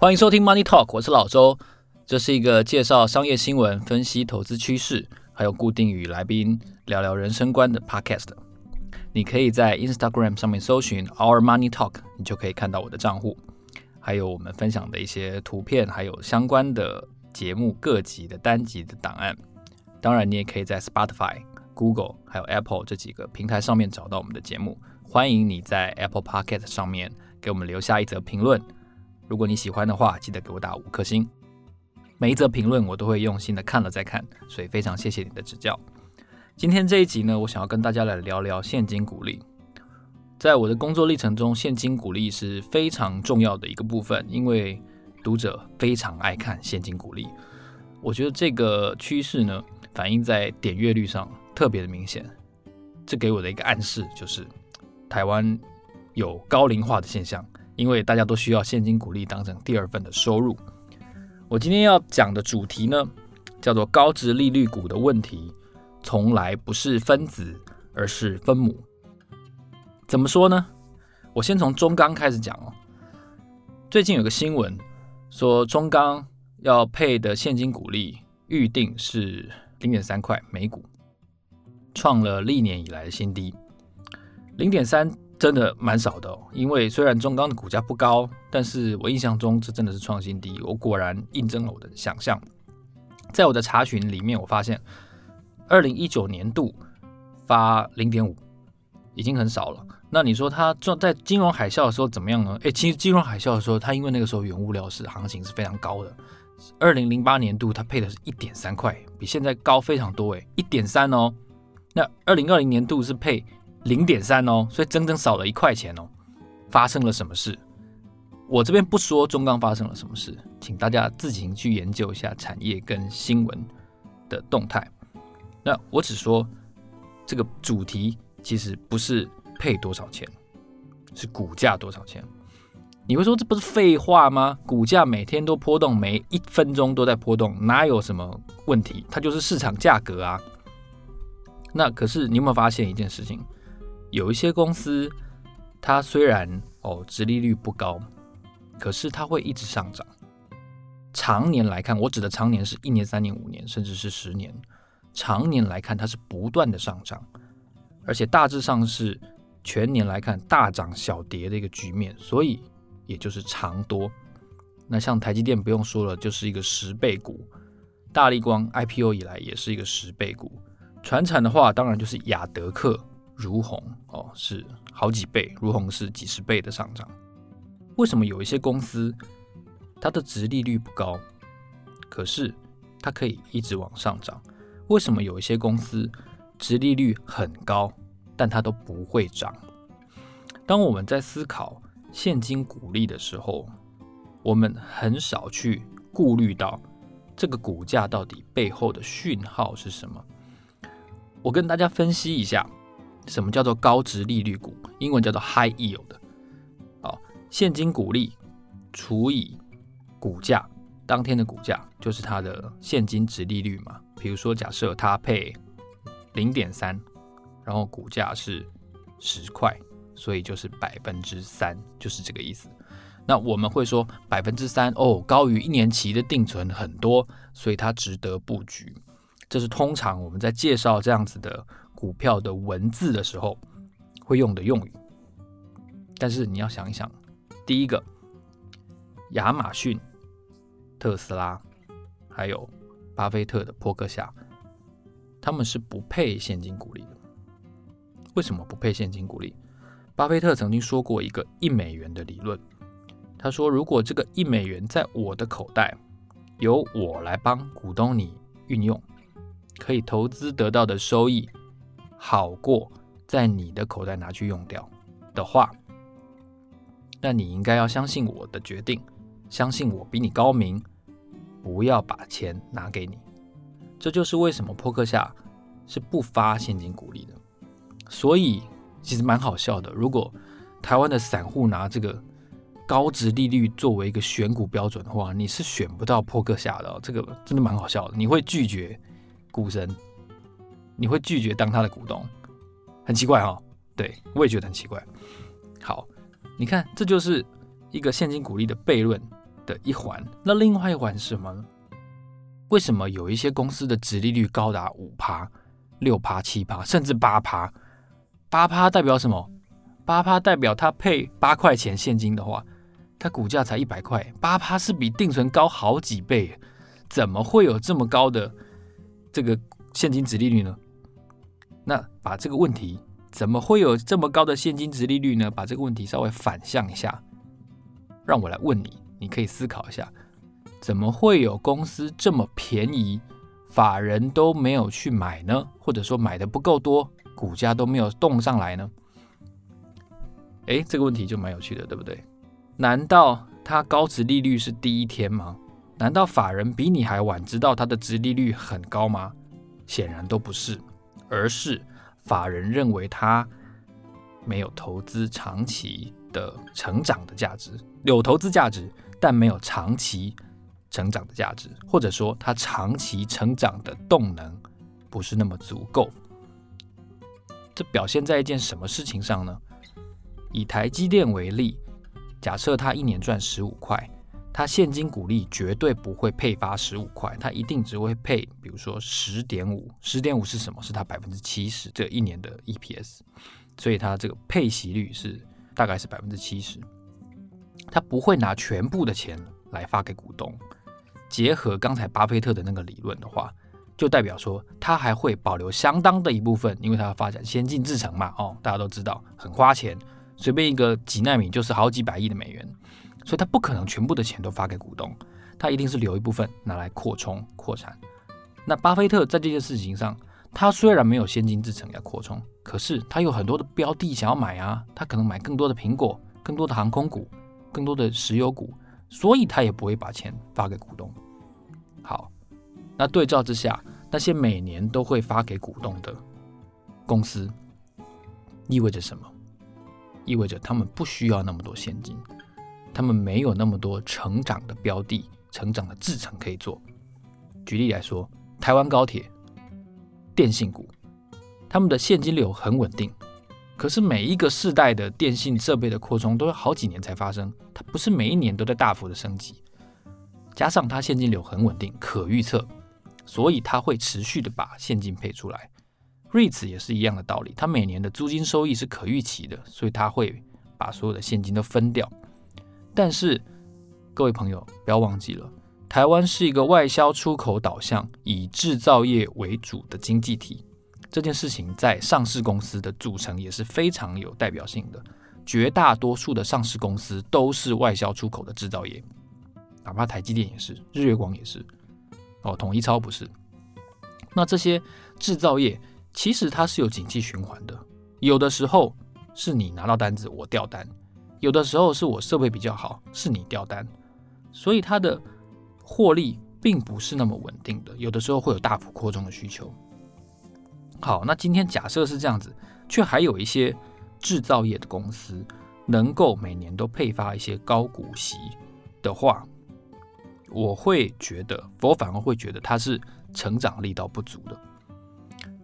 歡迎收聽 Money Talk，我是老周。這是一個介紹商業新聞、分析投資趨勢，還有固定與來賓聊聊人生觀的 Podcast。你可以在 Instagram 上面搜尋 Our Money Talk，你就可以看到我的賬戶，還有我們分享的一些圖片，還有相關的節目各集的單集的檔案。當然，你也可以在 Spotify、Google，還有 Apple 這幾個平台上面找到我們的節目。歡迎你在 Apple Podcast 上面給我們留下一則評論。如果你喜歡的話，記得給我打五顆星。每一則評論我都會用心的看了再看，所以非常謝謝你的指教。今天這一集呢，我想要跟大家來聊聊現金股利。在我的工作歷程中，現金股利是非常重要的一個部分，因為讀者非常愛看現金股利。我覺得這個趨勢呢，反映在點閱率上特別的明顯。這給我的一個暗示就是，台灣有高齡化的現象。因為大家都需要現金股利當成第二份的收入。我今天要講的主題呢，叫做高殖利率股的問題，從來不是分子，而是分母。怎麼說呢？我先從中鋼開始講哦。最近有個新聞說，中鋼要配的現金股利預定是零點三塊每股，創了歷年以來的新低，零點三。真的蠻少的哦，因為雖然中鋼的股價不高，但是我印象中這真的是創新低。我果然印證了我的想象，在我的查詢裡面，我發現二零一九年度發零點五已經很少了。那你說它在金融海嘯的時候怎麼樣呢？誒，其實金融海嘯的時候，它因為那個時候原物料是行情是非常高的。二零零八年度它配的是一點三塊，比現在高非常多誒。誒一點三哦，那二零二零年度是配。零點三哦，所以整整少了一塊錢哦。發生了什麼事？我這邊不說中鋼發生了什麼事，請大家自行去研究一下產業跟新聞的動態。那我只說這個主題其實不是配多少錢，是股價多少錢。你會說這不是廢話嗎？股價每天都波動，每一分鐘都在波動，哪有什麼問題？它就是市場價格啊。那可是你有沒有發現一件事情？有一些公司，它雖然哦，殖利率不高，可是它會一直上漲。常年來看，我指的常年是一年、三年、五年，甚至是十年。常年來看，它是不斷的上漲，而且大致上是全年來看大漲小跌的一個局面。所以，也就是長多。那像台積電不用說了，就是一個十倍股。大立光 IPO 以來也是一個十倍股。傳產的話，當然就是亞德客。儒鴻哦，是好幾倍，儒鴻是幾十倍的上漲。為什麼有一些公司它的殖利率不高，可是它可以一直往上漲？為什麼有一些公司殖利率很高，但它都不會漲？當我們在思考現金股利的時候，我們很少去顧慮到這個股價到底背後的訊號是什麼。我跟大家分析一下。什麼叫做高殖利率股？英文叫做 high yield 的，好，現金股利除以股價，當天的股價就是它的現金殖利率嘛。比如說，假設它配零點三，然後股價是十塊，所以就是百分之三，就是這個意思。那我們會說百分之三哦，高於一年期的定存很多，所以它值得布局。這是通常我們在介紹這樣子的。股票的文字的時候會用的用語，但是你要想一想，第一個，亞馬遜、特斯拉，還有巴菲特的波克夏，他們是不配現金股利的。為什麼不配現金股利？巴菲特曾經說過一個一美元的理論，他說，如果這個一美元在我的口袋，由我來幫股東你運用，可以投資得到的收益。好過在你的口袋拿去用掉的話，那你應該要相信我的決定，相信我比你高明，不要把錢拿給你。這就是為什麼波克夏是不發現金股利的。所以其實蠻好笑的。如果台灣的散戶拿這個高殖利率作為一個選股標準的話，你是選不到波克夏的哦。這個真的蠻好笑的，你會拒絕股神。你會拒絕當他的股東，很奇怪哈、哦，對我也覺得很奇怪。好，你看這就是一個現金股利的悖論的一環。那另外一環是什麼呢？為什麼有一些公司的殖利率高達五趴、六趴、七趴，甚至八趴？八趴代表什麼？八趴代表它配八塊錢現金的話，它股價才一百塊，八趴是比定存高好幾倍，怎麼會有這麼高的這個現金殖利率呢？那把這個問題，怎麼會有這麼高的現金殖利率呢？把這個問題稍微反向一下，讓我來問你，你可以思考一下，怎麼會有公司這麼便宜，法人都沒有去買呢？或者說買的不夠多，股價都沒有動上來呢？誒，這個問題就蠻有趣的，對不對？難道它高殖利率是第一天嗎？難道法人比你還晚知道它的殖利率很高嗎？顯然都不是。而是法人認為他沒有投資長期的成長的價值，有投資價值，但沒有長期成長的價值，或者說他長期成長的動能不是那麼足夠。這表現在一件什麼事情上呢？以台積電為例，假設他一年賺十五塊。他現金股利絕對不會配發十五塊，他一定只會配，比如說十點五，十點五是什麼？是他百分之七十這一年的 EPS，所以他這個配息率是大概是百分之七十。他不會拿全部的錢來發給股東。結合剛才巴菲特的那個理論的話，就代表說他還會保留相當的一部分，因為他要發展先進製程嘛，哦，大家都知道很花錢，隨便一個幾納米就是好幾百億的美元。所以他不可能全部的錢都發給股東，他一定是留一部分拿來擴充擴產。那巴菲特在這件事情上，他雖然沒有現金支撐要擴充，可是他有很多的標的想要買啊，他可能買更多的蘋果、更多的航空股、更多的石油股，所以他也不會把錢發給股東。好，那對照之下，那些每年都會發給股東的公司，意味着什麼？意味着他們不需要那麼多現金。他們沒有那麼多成長的標的、成長的製程可以做。舉例來說，台灣高鐵、電信股，他們的現金流很穩定，可是每一個世代的電信設備的擴充都是好幾年才發生，它不是每一年都在大幅的升級。加上它現金流很穩定、可預測，所以它會持續的把現金配出來。REITs 也是一樣的道理，它每年的租金收益是可預期的，所以它會把所有的現金都分掉。但是，各位朋友不要忘記了，台灣是一個外銷出口導向、以制造業為主的經濟體。這件事情在上市公司的組成也是非常有代表性的。絕大多數的上市公司都是外銷出口的制造業，哪怕台積電也是，日月光也是。哦，統一超不是。那這些制造業其實它是有景氣循環的，有的時候是你拿到單子，我掉單。有的時候是我設備比較好，是你掉單，所以它的獲利並不是那麼穩定的。有的時候會有大幅擴張的需求。好，那今天假設是這樣子，卻還有一些制造業的公司能夠每年都配發一些高股息的話，我會覺得，否則我反而會覺得它是成長力道不足的。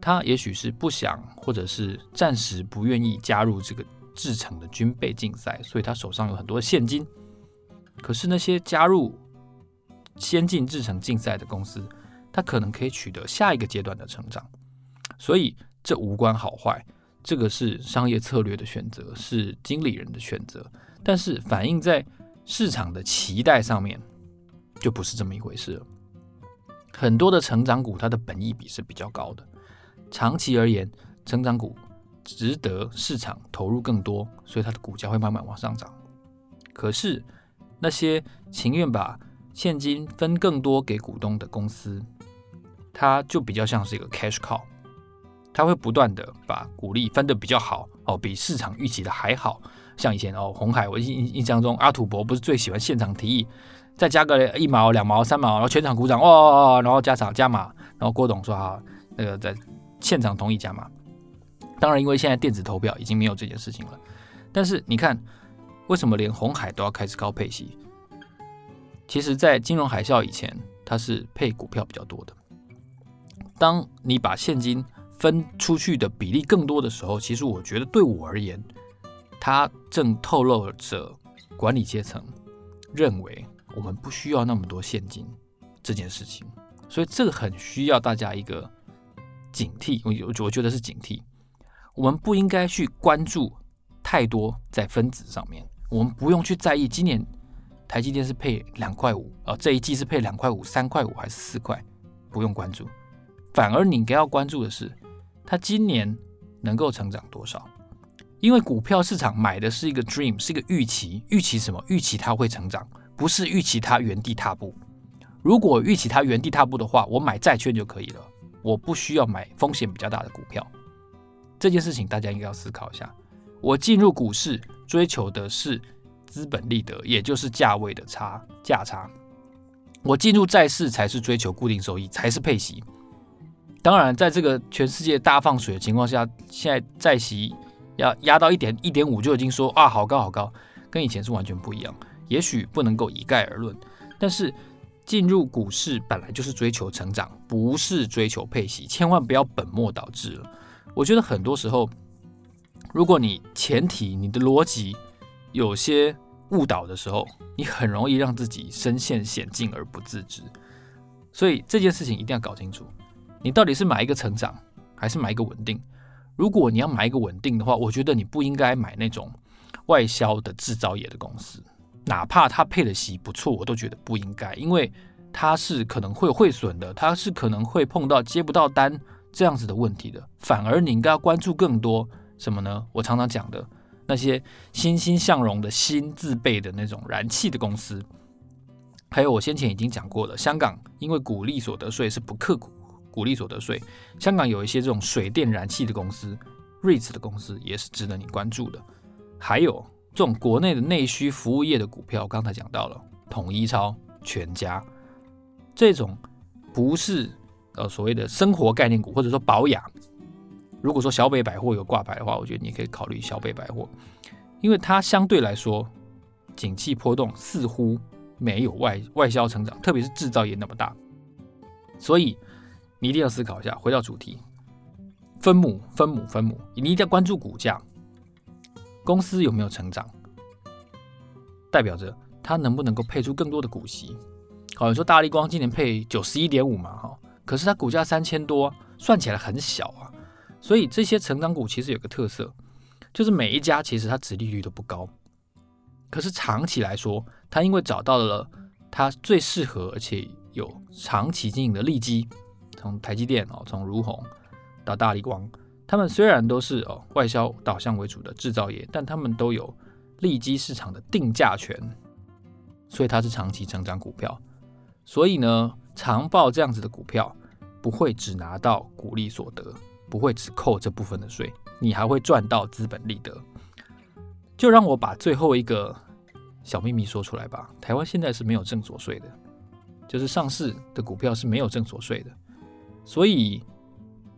他也許是不想，或者是暫時不願意加入這個。製程的軍備競賽，所以他手上有很多現金。可是那些加入先進製程競賽的公司，他可能可以取得下一個階段的成長。所以這無關好壞，這個是商業策略的選擇，是經理人的選擇。但是反映在市場的期待上面，就不是這麼一回事了。很多的成長股，它的本益比是比較高的，長期而言，成長股。值得市場投入更多，所以它的股價會慢慢往上漲。可是那些情願把現金分更多給股東的公司，它就比較像是一個 cash call，它會不斷的把股利分的比較好哦，比市場預期的還好。像以前哦，鴻海，我印印象中，阿土伯不是最喜歡現場提議再加個一毛、兩毛、三毛，然後全場鼓掌，哦哦哦，然後加場加碼，然後郭董說好、啊，那個在現場同意加碼。當然，因為現在電子投票已經沒有這件事情了。但是你看，為什麼連鴻海都要開始高配息？其實，在金融海嘯以前，它是配股票比較多的。當你把現金分出去的比例更多的時候，其實我覺得對我而言，它正透露着管理階層認為我們不需要那麼多現金這件事情。所以這個很需要大家一個警惕。我我我覺得是警惕。我們不應該去關注太多在分子上面，我們不用去在意今年台積電是配兩塊五啊，這一季是配兩塊五、三塊五還是四塊，不用關注。反而你該要關注的是，它今年能夠成長多少？因為股票市場買的是一個 dream，是一個預期，預期什麼？預期它會成長，不是預期它原地踏步。如果預期它原地踏步的話，我買債券就可以了，我不需要買風險比較大的股票。這件事情大家應該要思考一下。我進入股市追求的是資本利得，也就是價位的差價差。我進入債市才是追求固定收益，才是配息。當然，在這個全世界大放水的情況下，現在債息要壓到一點一點五就已經說啊，好高好高，跟以前是完全不一樣。也許不能夠一概而論，但是進入股市本來就是追求成長，不是追求配息，千萬不要本末倒置了。我覺得很多時候，如果你前提你的邏輯有些誤導的時候，你很容易讓自己身陷險境而不自知。所以這件事情一定要搞清楚，你到底是買一個成長，還是買一個穩定？如果你要買一個穩定的話，我覺得你不應該買那種外銷的製造業的公司，哪怕它配的息不錯，我都覺得不應該，因為它是可能會有匯損的，它是可能會碰到接不到單這樣子的問題的，反而你應該要關注更多什麼呢？我常常講的那些欣欣向榮的新自備的那種燃氣的公司，還有我先前已經講過了，香港因為股利所得稅是不課股股利所得稅，香港有一些這種水電燃氣的公司、瑞慈的公司也是值得你關注的。還有這種國內的內需服務業的股票，剛才講到了統一超、全家，這種不是。呃，所謂的生活概念股，或者說寶雅，如果說小北百貨有掛牌的話，我覺得你可以考慮小北百貨，因為它相對來說景氣波動似乎沒有外外銷成長，特別是制造業那麼大，所以你一定要思考一下。回到主題，分母分母分母，你一定要關注股價，公司有沒有成長，代表着它能不能夠配出更多的股息。好，你說大立光今年配九十一點五嘛？哈。可是它股價三千多，算起來很小啊，所以這些成長股其實有個特色，就是每一家其實它殖利率都不高，可是長期來說，它因為找到了它最適合而且有長期經營的利基，從台積電哦，從儒鴻到大立光，他們雖然都是哦外銷導向為主的制造業，但他們都有利基市場的定價權，所以它是長期成長股票，所以呢。長抱這樣子的股票，不會只拿到股利所得，不會只扣這部分的稅，你還會賺到資本利得。就讓我把最後一個小秘密說出來吧。台灣現在是沒有證所稅的，就是上市的股票是沒有證所稅的。所以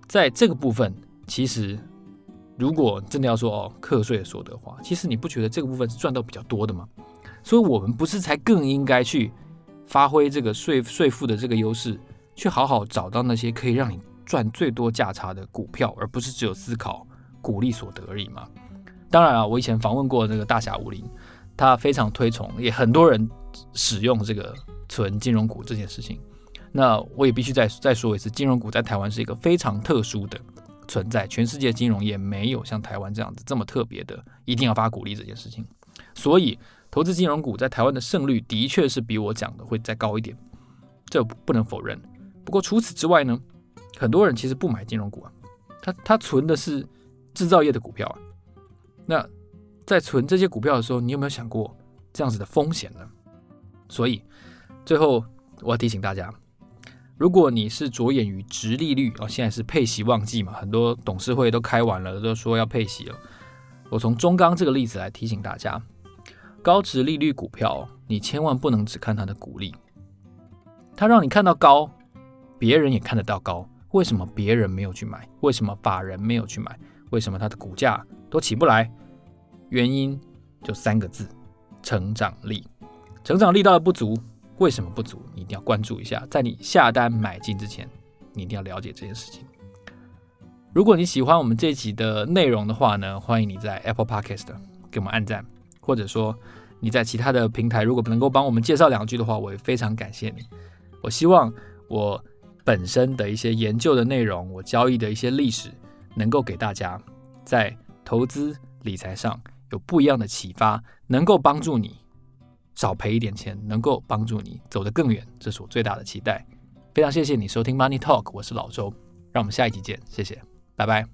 在這個部分，其實如果真的要說哦課稅所得的話，其實你不覺得這個部分是賺到比較多的嗎？所以我們不是才更應該去？發揮這個稅稅負的這個優勢，去好好找到那些可以讓你賺最多價差的股票，而不是只有思考股利所得而已嘛。當然啊，我以前訪問過那個大俠武林，他非常推崇，也很多人使用這個存金融股這件事情。那我也必須再再說一次，金融股在台灣是一個非常特殊的存在，全世界金融業沒有像台灣這樣子這麼特別的，一定要發股利這件事情。所以。投資金融股在台灣的勝率的確是比我講的會再高一點，這不能否認。不過除此之外呢，很多人其實不買金融股啊，他他存的是製造業的股票啊。那在存這些股票的時候，你有沒有想過這樣子的風險呢？所以最後我要提醒大家，如果你是着眼於殖利率啊、哦，現在是配息旺季嘛，很多董事會都開完了，都說要配息了。我從中鋼這個例子來提醒大家。高殖利率股票，你千萬不能只看它的股利，它讓你看到高，別人也看得到高，為什麼別人沒有去買？為什麼法人沒有去買？為什麼它的股價都起不來？原因就三個字：成長力。成長力到了不足，為什麼不足？你一定要關注一下，在你下單買進之前，你一定要了解這件事情。如果你喜歡我們這一集的內容的話呢，歡迎你在 Apple Podcast 給我們按讚。或者說，你在其他的平台如果能夠幫我們介紹兩句的話，我也非常感謝你。我希望我本身的一些研究的內容，我交易的一些歷史，能夠給大家在投資理財上有不一樣的啟發，能夠幫助你少賠一點錢，能夠幫助你走得更遠，這是我最大的期待。非常謝謝你收聽 Money Talk，我是老周，讓我們下一集見，謝謝，拜拜。